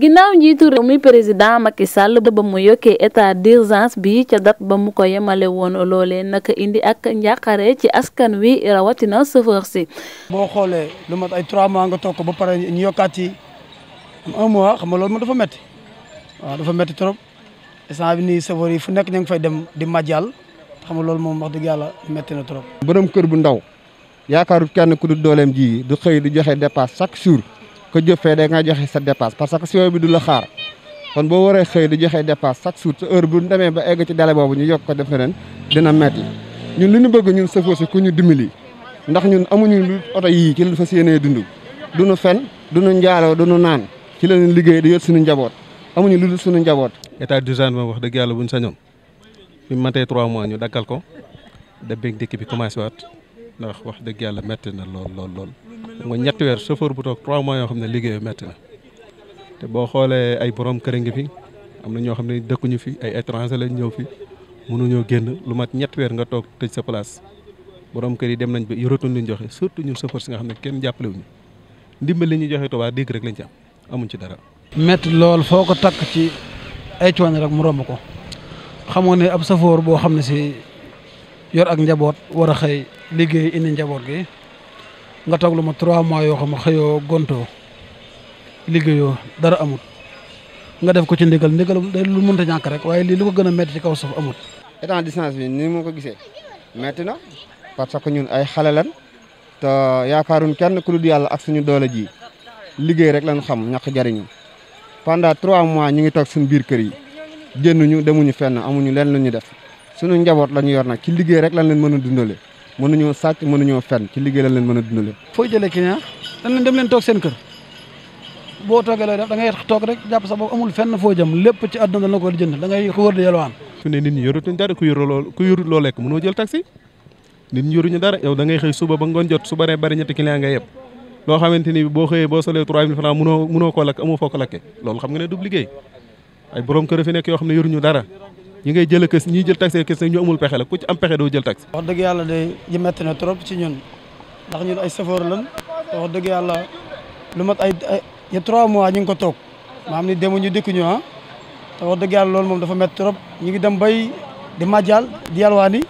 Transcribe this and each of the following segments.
ginnaaw njiitu réew mi président Macky Sall ba mu yokkee état d'urgence bi ca dat ba mu ko yemale woon a loolee naka indi ak njàqare ci askan wi rawatina chauffeur si. boo xoolee lu mat ay 3 mois nga toog ko ba pare ñu yokkaat ci un mois xam nga lool moom dafa metti waaw dafa métti trop instant bi nii chauffeur yi fu nekk ñu ngi fay dem di màjjal xam nga loolu moom wax dëgg yàlla métti na trop. borom kër bu ndaw yaakaarut kenn ku du dooleem ji du xëy du joxe dépasse chaque jour. ko jóg fee da nga joxe sa dépasse parce que chauffeur bi du la xaar kon boo waree xëy di joxe dépasse chaque jour sa heure bu demee ba egg ci délai boobu ñu yokk ko def ren na metti ñun li ñu bëgg ñun chauffeur si ku ñu dimbali ndax ñun amuñu lu oto yii ci lu fas yéenee dund nu fen du nu njaaloo duñu naan ci la liggéey di yor suñu njaboot amuñu lu dul suñu njaboot. état d'urgence moom wax dëgg yàlla buñ sañoon bi mu matee trois mois ñu daggal ko da beeg dëkk bi commencé waat ndax wax dëgg yàlla metti na lool lool lool. nga ñetti weer chauffeur bu toog 3 mois yoo xam ne liggéey métti na te boo xoolee ay borom kër ngi fi am na ñoo xam ne dëkkuñu fi ay étranger lañ ñëw fi mënuñoo génn lu mat ñetti weer nga toog tëj sa place borom kër yi dem nañ ba yoratuñ ñu joxe surtout ñun chauffeur si nga xam ne kenn jàppale wuñu ndimbal li ñuy joxe Tuubaa dégg rek lañ ci amuñ ci dara. metti lool foo ko takk ci ay coono rek mu romb ko xamoo ne ab chauffeur boo xam ne si yor ak njaboot war a xëy liggéey indi njaboot gi. nga toog lu ma trois mois yoo xam xëyoo gontoo liggéeyoo dara amut nga def ko ci ndigal ndigal lu mënta ñàkk rek waaye lii lu ko gën a métti ci kaw suuf amut. état distance bi ni ma ko gisee métti na parce que ñun ay xale lan te yaakaaruñ kenn ku dul yàlla ak suñu doole ji liggéey rek lañ xam ñàkk jariñu pendant trois mois ñu ngi toog suñu biir kër yi génnuñu demuñu fenn amuñu leen lu ñu def suñu njaboot la ñu yor nag ci liggéey rek lañ leen mën a dundale mënuñoo sàcc mënuñoo fenn ci liggéey la leen mën a dundale. foo jëlee client dañ leen dem leen toog seen kër boo toogee looy def da ngay toog rek jàpp sa bopp amul fenn foo jëm lépp ci àdduna dana ko jënd da ngay wër di yalwaan. su ne nit ñi yorutuñ dara ku yoru loo ku yorut loo lekk mënoo jël taxi nit ñi yoruñu dara yow da ngay xëy suba ba ngoon jot su baree bari ñetti client nga yeb loo xamante ni boo xëyee boo solee 3000 francs mënoo mënoo koo lakk amoo foo ko lakke loolu xam nga ne du liggéey borom nekk yoo xam ne yoruñu dara ñu ngay jël kës ñiy jël taxi ak kës nag ñu amul pexe la ku ci am pexe doo jël taxi. wax dëgg yàlla day ji metti na trop ci ñun ndax ñun ay safoor lan te wax dëgg yàlla lu mat ay ay trois mois ñu ngi ko toog maam ni demu ñu dikkuñu ah te yàlla loolu moom dafa métti trop ñu ngi dem bay di màjjal di yalwaani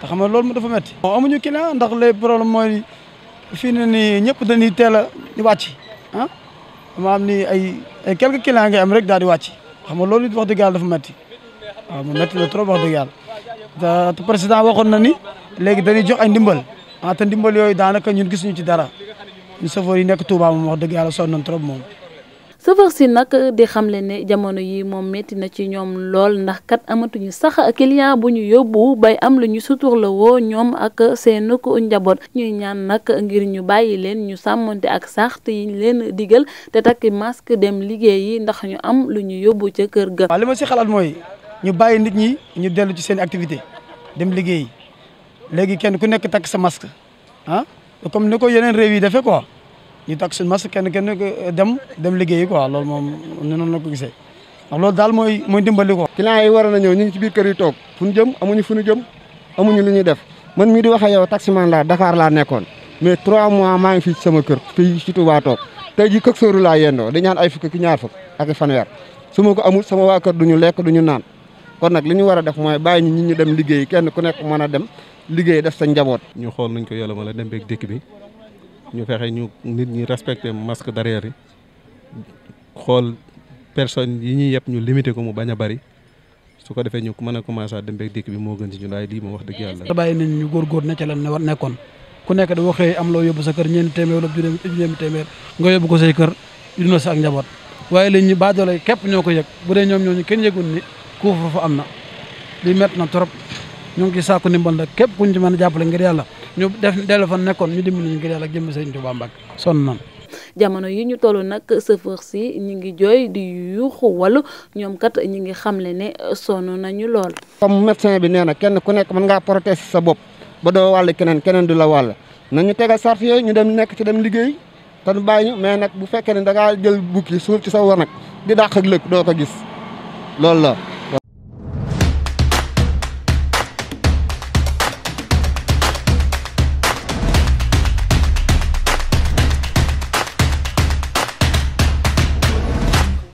te xam nga loolu moom dafa métti. bon amuñu client ndax les problème mooy fii na ni ñëpp dañuy teel a di wàcc ah maam ni ay ay quelques clients ngay am rek daal di wàcc xam nga loolu it wax dëgg yàlla dafa métti. waaw mu métti la trop wax dëgg yàlla te président waxoon na ni léegi dañuy jox ay ndimbal ah te ndimbal yooyu daanaka ñun gis gisuñu ci dara ñu safoor yi nekk Touba moom wax dëgg yàlla sonn nañ trop moom. sëfër si nag di xam xamle ne jamono yi moom métti na ci ñoom lool ndax kat amatuñu sax client bu ñu yóbbu bay am lu ñu la woo ñoom ak seen ko njaboot ñuy ñaan nag ngir ñu bàyyi leen ñu sàmmante ak sart yi leen digal te takki masque dem liggéey yi ndax ñu am lu ñu yóbbu ca kër ga. waaw ma si xalaat mooy ñu bàyyi nit ñi ñu dellu ci seen activité dem liggéeyi léegi kenn ku nekk takk sa masque ah comme ni ko yeneen réew yi defee quoi ñu takk suñu masque kenn kenn dem dem liggéeyi quoi loolu moom ñu noonu la ko gisee ndax loolu daal mooy mooy dimbali quoi. clients yi waroon na ñëw ñu ngi ci biir kër yi toog fu ñu jëm amuñu fu ñu jëm amuñu lu ñu def man mii di wax ak yow man laa Dakar laa nekkoon mais trois mois maa ngi fii ci sama kër fii ci Touba toog te jii kër sóoru laa yendoo di ñaan ay fukki ki ñaar fukk ak fanweer su ma ko amul sama waa kër du ñu lekk du ñu naan. kon nag li ñu war a def mooy bàyyi ñu ñu dem liggéey kenn ku nekk mën a dem liggéey def sa njaboot. ñu xool nuñ ko yàlla ma dem beeg dëkk bi ñu fexe ñu nit ñi respecté masque barrière yi xool personne yi ñu yëpp ñu limité ko mu bañ a bari su ko defee ñu mën a commencé dem beeg dëkk bi moo gën ci ñu laay lii moom wax dëgg yàlla. bàyyi nañ ñu góorgóor na ca lan ne nekkoon ku nekk da waxee am loo yóbbu sa kër ñeen téeméer wala juróomi téeméer nga yóbbu ko say kër dina sa ak njaboot waaye léegi ñu baadoole képp ñoo ko yëg bu dee ñoom ñooñu kenn yëgul ni couvre-feu am na li métti na trop ñu ngi ciy sàkku ndimbal nag képp kuñ ci mën a jàppale ngir yàlla ñu def delloo fa nekkoon ñu dimbali ñu ngir yàlla jëm Sëriñ Tuubaa Mbàkke jamono yi ñu toll nag chauffeur si ñu ngi jooy di yuuxu walu ñoom kat ñu ngi xam xamle ne sonn nañu lool. comme médecin bi nee na kenn ku nekk mën ngaa si sa bopp ba doo wàll keneen keneen du la wàll nañu tegal sart yooyu ñu dem nekk ci dem liggéey te du bàyyi ñu mais nag bu fekkee ne dangaa ngaa jël bukki suuf ci sa war nag di dàq ak lëkk doo ko gis loolu la.